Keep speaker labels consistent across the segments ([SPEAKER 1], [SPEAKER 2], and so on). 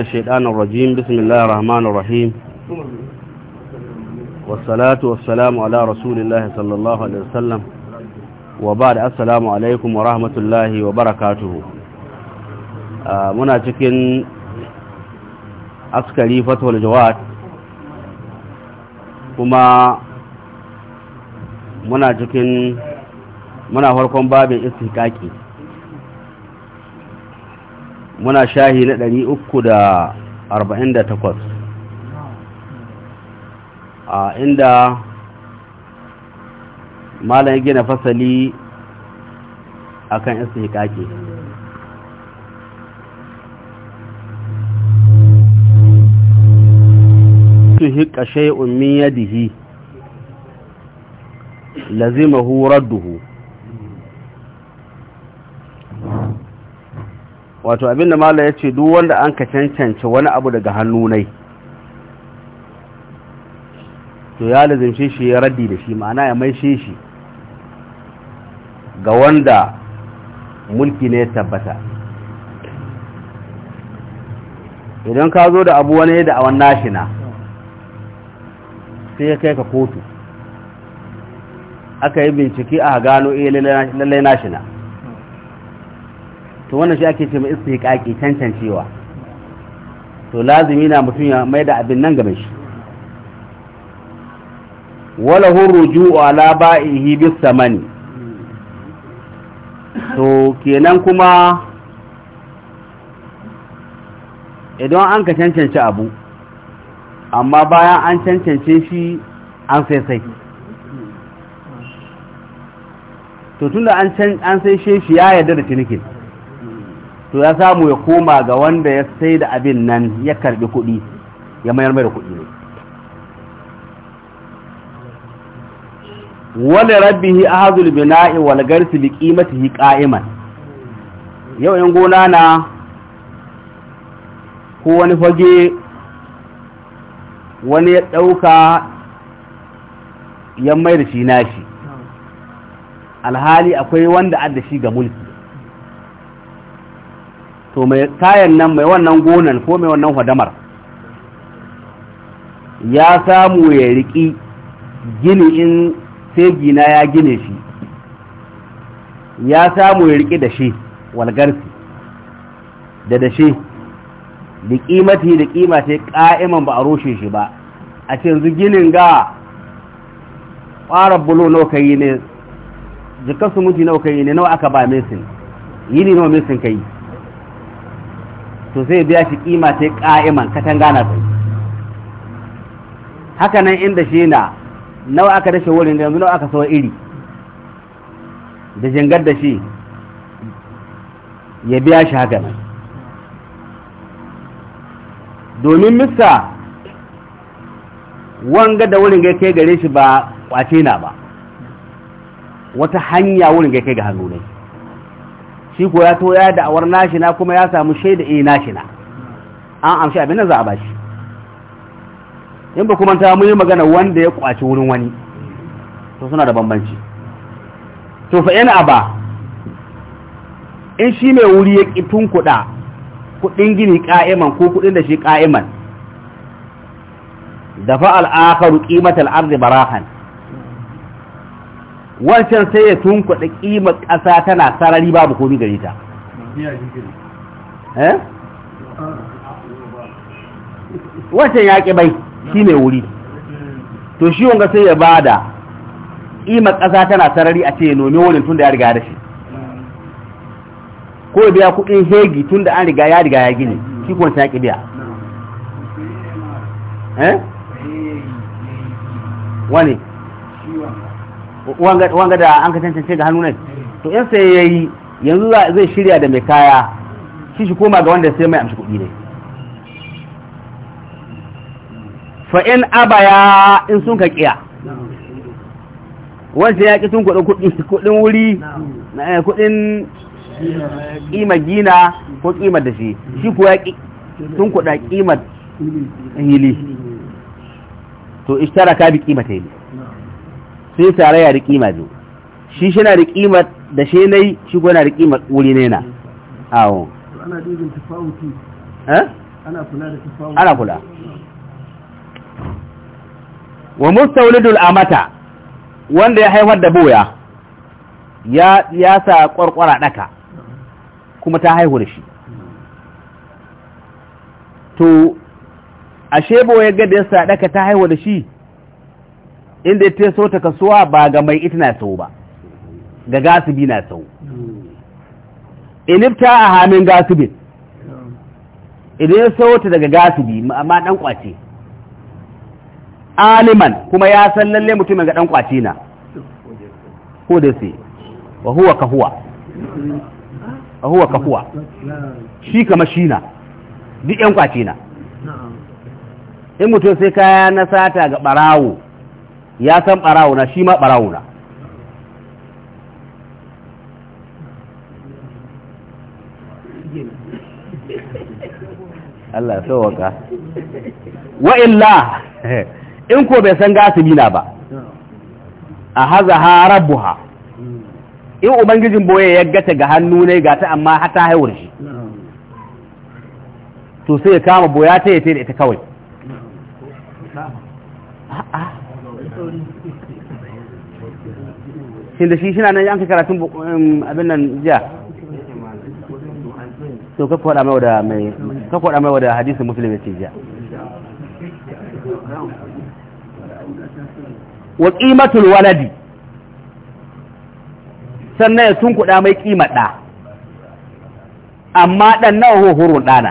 [SPEAKER 1] الشيطان الرجيم بسم الله الرحمن الرحيم والصلاة والسلام على رسول الله صلى الله عليه وسلم وبعد السلام عليكم ورحمة الله وبركاته منا cikin askari fatwal jawad kuma muna cikin muna farkon babin istihqaqi muna shahi na ɗari uku da arba'in da takwas a inda malam gina fasali akan istihqaqi tuhqa ya min yadihi lazimahu radduhu wato abinda mala ya ce duk wanda an ka cancanci wani abu daga hannu nai to ya lazimce shi ya raddi da shi ma'ana ya maishe shi ga wanda mulki ne ya tabbata idan ka zo da abu wani da awon nashina sai ya kai ka kotu aka yi bincike a gano iya eh, lallai nashina to wannan shi ake ce mai istihqaqi cancancewa to lazimi na mutum ya mai da abin nan game shi wala hurruju ala ba'ihi bis samani to kenan kuma idan an ka cancanci abu amma bayan an cancance shi an sai sai to tunda an sai shi ya yarda da cinikin to ya samu ya koma ga wanda ya sai da abin nan ya karbi kuɗi ya mayar mai da kuɗi ne wale rabbihi hazul bina'i wal garsi bi hi ƙa'iman yau in gona na ko wani fage wani ya ɗauka ya mai da shi nashi alhali akwai wanda adda shi ga mulki to mai kayan nan mai wannan gonan ko mai wannan hadamar ya samu ya riƙi gini in sai gina ya gine shi ya samu ya riƙi da shi walgarsi da da shi da ƙimati da kima sai ƙa'iman ba a rushe shi ba a ce yanzu ginin ga ƙwarar bulo nawa ka yi ne jikarsu su mutu nawa ka yi ne nawa aka ba mesin ne nawa mesin ka yi to zai biya shi kima ta ka'iman katanga na sai haka nan inda shi na nawa aka dashe wurin yanzu nawa aka sawa iri da jingar da shi ya biya shi haka nan domin mista wanga da wurin ga kai gare shi ba kwace na ba wata hanya wurin ga kai ga hannu ne shi ko ya to ya da'awar nashina kuma ya samu shaida eh nashina an amshi abin nan za a bashi in ba kuma ta mun yi magana wanda ya kwaci wurin wani to suna da bambanci to fa yana aba in shi mai wuri ya kitun kuɗa kuɗin gini ƙa'iman ko kuɗin da shi ka'iman dafa fa al-akharu qimatal ardi barahan wancan sai ya tunkuɗa ƙimar ƙasa tana sarari babu komi gare ta eh? wancan ya bai shi mai wuri to shi wanga sai ya ba da ƙimar ƙasa tana sarari a ce ya nomi wani tun da ya riga da shi ko ya biya kuɗin hegi tun da an riga ya riga ya gini shi kwanci ya biya eh? wani wanga da an ka cancanci ga hannu to in sai ya yi yanzu zai shirya da mai kaya shi shi koma ga wanda sai mai amshi kuɗi ne fa in abaya in sun ka kiya wancan ya ki sun kuɗin kuɗin wuri eh, kuɗin ƙimar gina ko ƙimar da shi shi kuwa ya sun kuɗa ƙimar hili to ishtara ka bi ƙimar ta yi sai tarayya da kima biyu shi shi na da kima da shi nai shi gona da kima wuri ne na awo
[SPEAKER 2] ana dubin tafawuti eh ana kula da tafawuti ana kula
[SPEAKER 1] wa mustawlidul amata wanda ya haifar da boya ya ya sa kwarkwara daka kuma ta haihu da shi to ashe boye ga da ya sa daka ta haihu da shi inda ta so ta kasuwa ba ga mai ita na sau ba ga gasibi na sau inifta a hannun gasibin idan ya so ta daga gasibi amma dan kwace aliman kuma ya san lalle mutumin ga dan kwace na ko da sai wa huwa ka huwa wa huwa ka huwa
[SPEAKER 2] shi kama shi
[SPEAKER 1] na duk yan kwace na in mutum sai kaya na sata ga barawo ya san barawuna shi ma barawuna Allah sauwaka wa in ko bai san gasibina ba a haza ha in ubangijin boye ya gata ga hannu ne gata amma hata haihuwar shi to sai ya kama boya ta yi ta ita kawai shin da shi shi na nan yanka karatun abin nan jiya to ka kwada mai wada hadisun ka mai ya ce jiya wa qimatul waladi sannan ya tunkuda mai kimar ɗa amma ɗan nawa hohoron ɗana,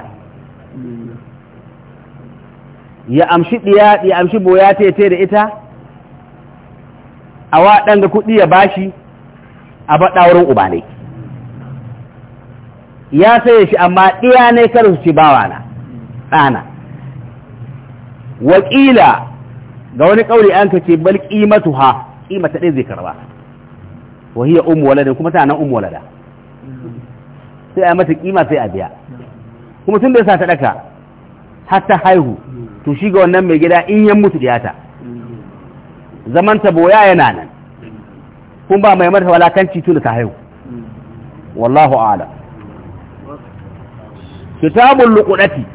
[SPEAKER 1] ya amshi ɗiya ya amshi boya ta da ita a waɗanda kuɗi ya bashi a baɗa wurin uba ne ya saye shi amma ɗiya ne kar su ci bawa na ɗana wakila ga wani ƙauri an ka ce bal ƙimatu ha ƙimata ɗaya zai karba wa hiya umu walada kuma ta nan umu walada sai a mata ƙima sai a biya kuma tun da ya sa ta ɗaka har ta haihu to shi ga wannan mai gida in ya mutu ɗiyata zaman ta boya yana nan kun ba mai mata walakanci tun da ta haihu wallahu a'lam kitabul luqati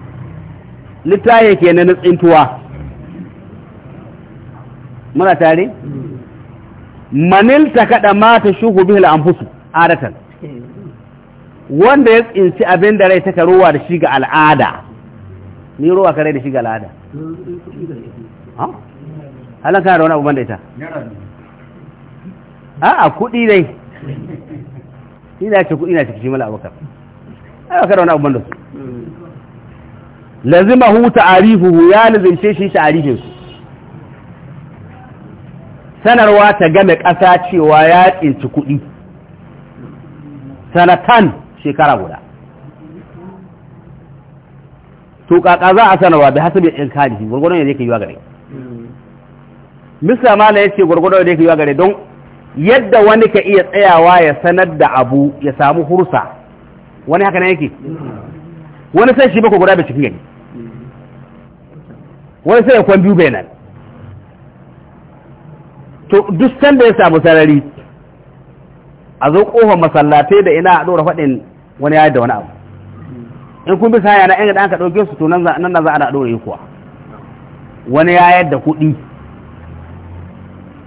[SPEAKER 1] litaye kenan na tsintuwa muna tare manil ta kada mata shuhu al anfusu adatan wanda ya tsinci abin da rai ta ruwa da shi ga al'ada ni ruwa kare da shi ga al'ada halan kana da wani abubuwan da ita a'a kuɗi dai shi da ce kuɗi na ciki shi mala abokan ai baka da wani abubuwan da su lazima hu ta'arifuhu ya lazimce shi ta'arifin su sanarwa ta game kasa cewa ya tsinci kuɗi sanatan shekara guda to kaka za a sanarwa da hasabi in kalifi gurgurun ya zai yi yiwa gare Mista mala ce gurgudo da ya yi gare don yadda wani ka iya tsayawa ya sanar da abu ya samu hursa wani haka na yake wani sai shi bako guda bai cikin gani wani sai ya kwan biyu bai nan to duk sanda ya samu sarari a zo kofar masallatai da ina a ɗora faɗin wani ya da wani abu in kun bi saya na yan ka ɗauke su to nan na za a ɗora yi kuwa wani ya yadda kuɗi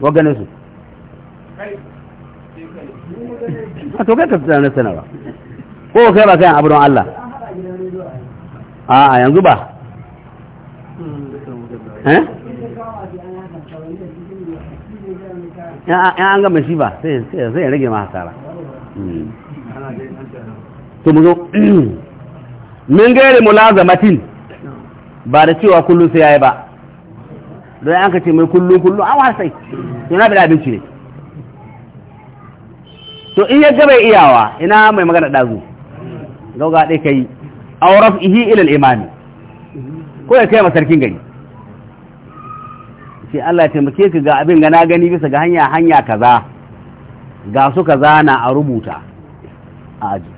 [SPEAKER 1] waganin su a to kai ka tsara na sanarwa ko kai ba kayan abu Allah a a yanzu ba
[SPEAKER 2] eh an gama
[SPEAKER 1] shi ba sai ya rage ma hasara hmm. to mu zo min gairi mulazamatin ba da cewa kullum sai yayi ba don an ka ce mai kullum kullum an wasai to na bila abinci ne to in ya gaba iyawa ina mai magana dazu gauga ka yi a raf'ihi ihi ilil imani. ko ya kai masarkin gari ce Allah ya taimake ka ga abin ga na gani bisa ga hanya hanya kaza ga su kaza na a rubuta a aji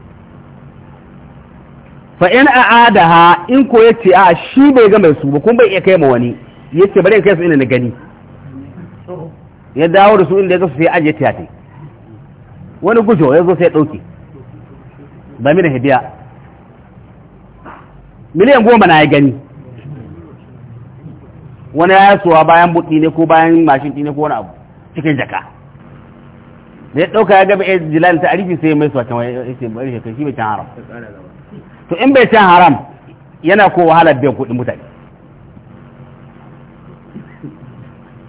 [SPEAKER 1] fa in adaha in ko ce a shi bai ga mai su ba kuma bai iya kai ma wani yace bari in kai su ina na gani ya dawo da su inda ya zo su sai aje yace wani gujo ya zo sai ya dauke ba mi da hidiya miliyan goma na ya gani wani ya suwa bayan buɗi ne ko bayan mashin ne ko wani abu cikin jaka da ya ɗauka ya gaba jilal ta arifi sai mai suwa can ya ce mai shi mai can haram to in bai can haram yana ko wahalar biyan kuɗin mutane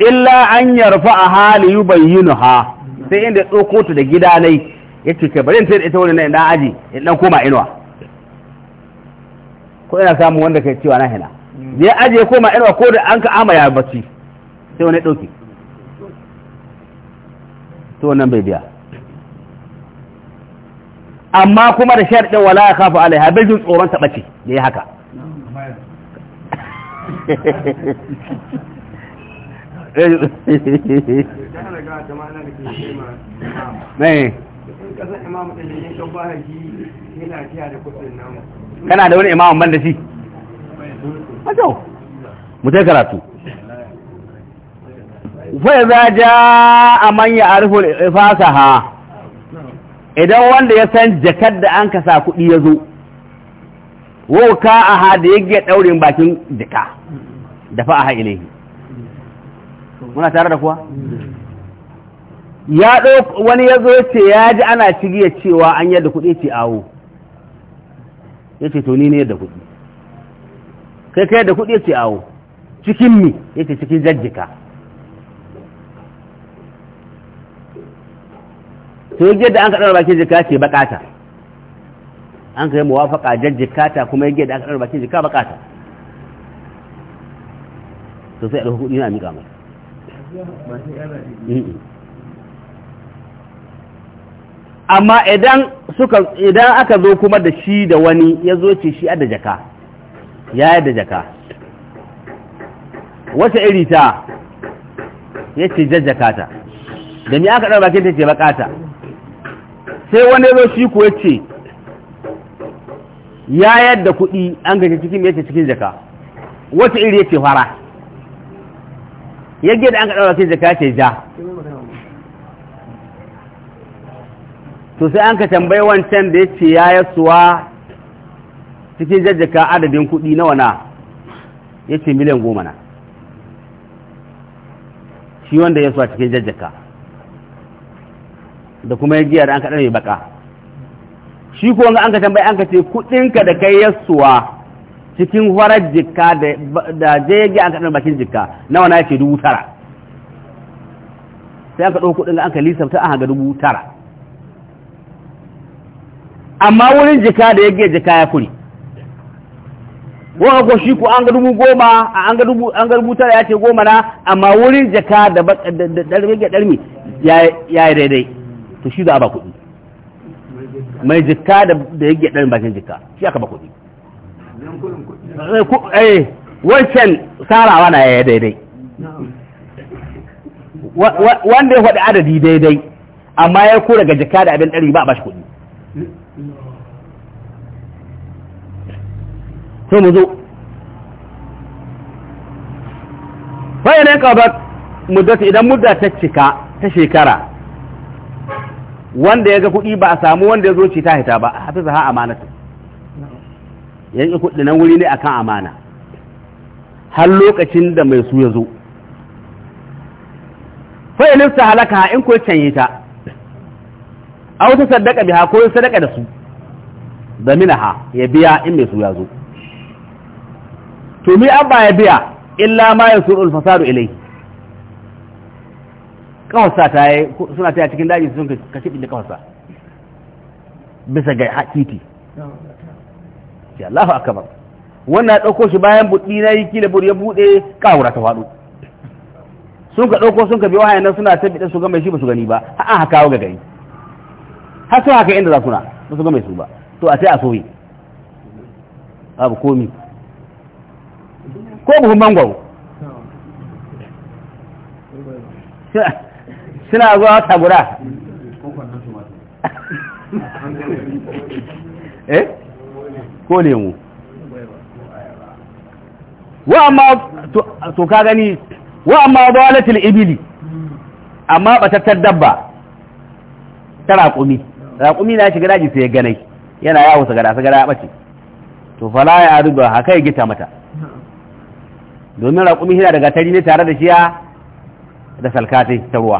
[SPEAKER 1] illa an yarfa a hali yi bayyinu ha sai inda ya ɗauko ta da gida nai ya ce bari in da ita wani na ɗan aji in ɗan koma inuwa ko ina samun wanda ka cewa na hina mm. ya aji ya koma inuwa ko da an ka ama ya bacci sai wani ɗauki to wannan bai biya amma kuma da sharɗin wala ya kafa alaiha bai jin tsoron taɓace da ya haka kana da wani imamun ban da shi Mu mutai karatu fai za ja a manya ariful fasaha idan wanda ya san jakar da an kasa kuɗi ya zo wauka a ha da ya daurin bakin jika da fa'a ha ilaihi muna tare da kuwa ya wani ya zo ce ya ji ana cigiya cewa an yadda kuɗi ce awo ya ce to ni ne yadda kuɗi kai ka yadda kuɗi ce awo cikin mi ya ce cikin jajjika to yadda an kaɗar bakin jika ce bakata an ka yi jajjika jajjikata kuma yadda an kaɗar bakin jika bakata to sai a ɗauki kuɗi na miƙa mai amma idan suka idan aka zo kuma da shi da wani ya zo ce shi da jaka ya da jaka wata iri ta ya ce jajjaka ta da ni aka ɗan kinta ce bakata sai wani zo shi kuwa ce ya yadda kuɗi an gaji cikin ya ce cikin jaka wata iri ya ce fara yage da an ka daura sai jaka ce ja to sai an ka tambayi wancan da ya ce ya yasuwa cikin jajjaka adadin kuɗi nawa na wana yace miliyan goma na shi wanda ya suwa cikin jajjaka da kuma ya giya da an kaɗa mai baka shi ko an ka tambayi an ka ce kuɗinka da kai ya suwa cikin horar jikka da jege an kaɗar bakin jikka nawa na yake dubu tara sai aka ɗauko kuɗin ka aka lisafta an haga dubu tara amma wurin jika da yage jika ya kuri wani ko shi ko an ga dubu goma an ga dubu an ga dubu tara ya ce goma na amma wurin jika da ɗarmi darmi ɗarmi ya yi daidai to shi za a ba kuɗi mai jika da yage ɗarmi bakin jika shi aka ba kuɗi Eh, eh, wancan sarawa na yaya daidai wanda ya faɗi adadi daidai amma ya ko daga jaka da abin ɗari ba a bashi kuɗi sai mu zo bayan yan ƙabar muddata idan mudda ta cika ta shekara wanda ya ga kuɗi ba a samu wanda ya zo ci ta hita ba a hafi zaha amanatu yanki kudi nan wuri ne akan amana har lokacin da mai su ya zo fa'ilin sa halaka in ko canye ta a wata sadaka biha ko sadaka da su da minaha ya biya in mai su ya zo to mi an ba ya biya illa ma ya suru alfasaru ilai kawarsa ta yi suna ta cikin daji sun ka kiɗi da kawarsa bisa ga titi ce Allahu akbar wannan dauko shi bayan buɗi na yi kila buri ya buɗe kawura ta faɗo sun ka dauko sun ka biyo haya nan suna ta da su ga mai shi ba su gani ba a a kawo ga gari har sai haka inda za na ba su ga mai su ba to a sai a soye abu komi ko buhun mangwaro suna zuwa wata guda eh ko lemu wa amma to ka gani wa amma dalatul ibili amma batattar dabba ta raƙumi raƙumi na shiga daji sai ya ganai yana yawo sagara sagara ya bace to fala ya ruba hakai gita mata domin raƙumi yana daga tari ne tare da shiya da salkatai ta ruwa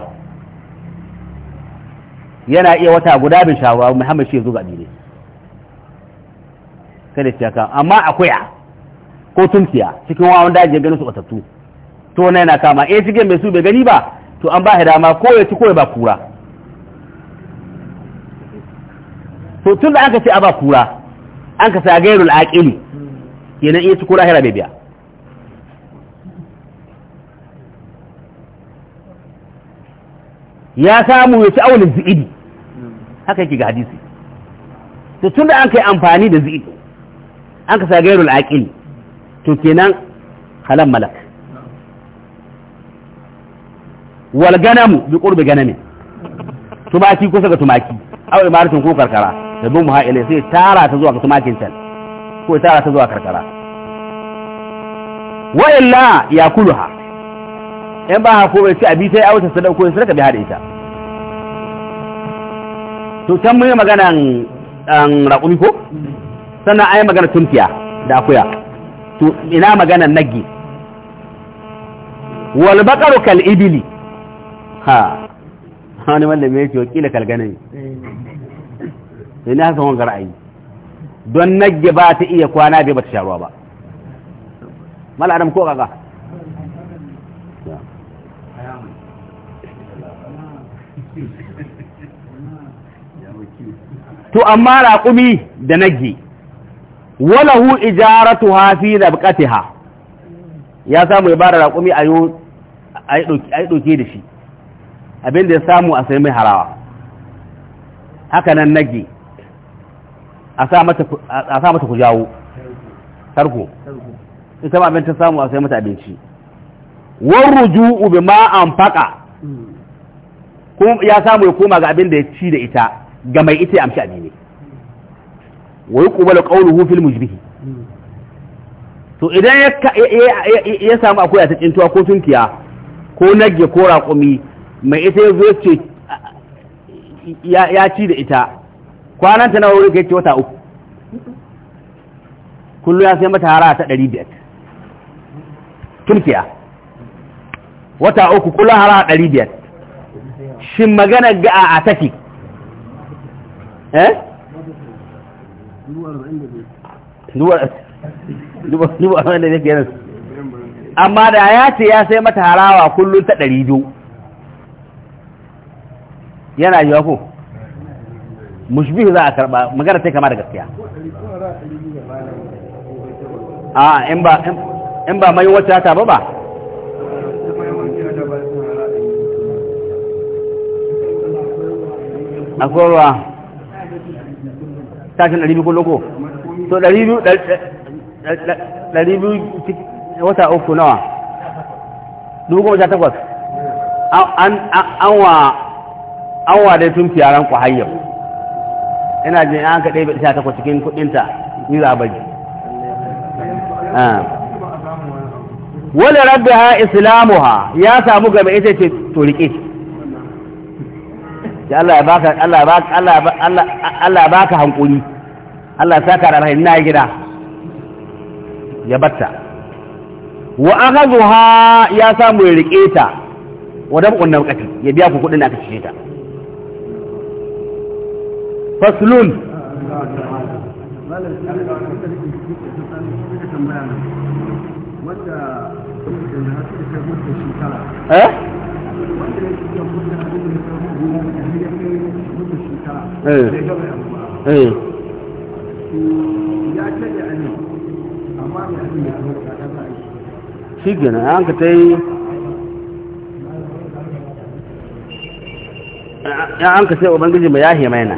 [SPEAKER 1] yana iya wata guda bin shawara muhammad shi ya zo ne kada da ka amma akwai a ko tunkiya cikin wawan daji ganin su batattu to na yana kama eh cikin mai su bai gani ba to an ba shi dama ko ya ci ko ya ba kura to tun da an ka ce a ba kura an ka sa gairul aqili kenan iya ci kura hira bai biya ya samu ya ci aulin zi'idi haka yake ga hadisi to tun da an kai amfani da zi'idi an ka sa gairul aqil to kenan halan malak wal ganamu bi qurbi ganami tumaki kusa ga tumaki aw imaratin ko karkara da bin muha ilai sai tara ta zuwa ga tumakin can ko tara ta zuwa karkara wa illa yakuluha in ba ha ko bai ci abi sai auta sadaka ko ka bi hada ita to can mun yi maganan um, raƙumi ko sannan a yi magana tunkiya da akuya to ina magana nagi wal bakaru kal ibili ha wani mai ce wakila kal ganin ina haka wanga ra'ayi don nagi ba ta iya kwana bai ta sharuwa ba mal adam ko kaka to amma raƙumi da nagi walahu da bukati ha, ya samu ya bada raƙumi a yi ɗauki da shi abinda ya samu a sai mai harawa haka nan nage a sa mata ku jawo tarko ita ma abin ta samu a sai mata abinci wan ruju'u bi ma anfaqa ya samu ya koma ga abin da ya ci da ita ga mai ita ya amshi abin wa yuqbalu qawluhu fil mujbihi to idan ya samu akwai a ta tsintuwa ko tunkiya ko nagge ko raƙumi mai ita ya zo ce ya ci da ita kwanan ta nawa wurin ka yace wata uku kullum ya sai mata hara ta ɗari biyar tunkiya wata uku kullum hara ɗari biyar shin magana ga a tafi eh dubu arba'in da amma da ya ce ya sai mata harawa kullum ta ɗari biyu yana yiwa ko mushbihu za a karɓa magana ta kama da gaskiya a in ba mai wata ta ba ba
[SPEAKER 2] akwai ruwa
[SPEAKER 1] tashin ɗari biyu kullum ko to ɗari biyu ɗari biyu wata uku nawa dubu goma sha takwas an wa dai tun fiyaran ku hayar, ina jin an ka ɗaya sha takwas cikin kuɗinta ni za a bari ah. wani rabbi ha islamu ha ya samu game ita ce to shi sai Allah ya baka Allah ya baka Allah Allah Allah ya baka hankuri Allah ya saka rahai ina gida ya batta wa akhadha ya samu ya rike ta wa wadan kunna kati ya biya ku kudin aka cike ta faslun
[SPEAKER 2] eh shi
[SPEAKER 1] gina an ka ta yi an ka sai ubangiji mai yahe mai na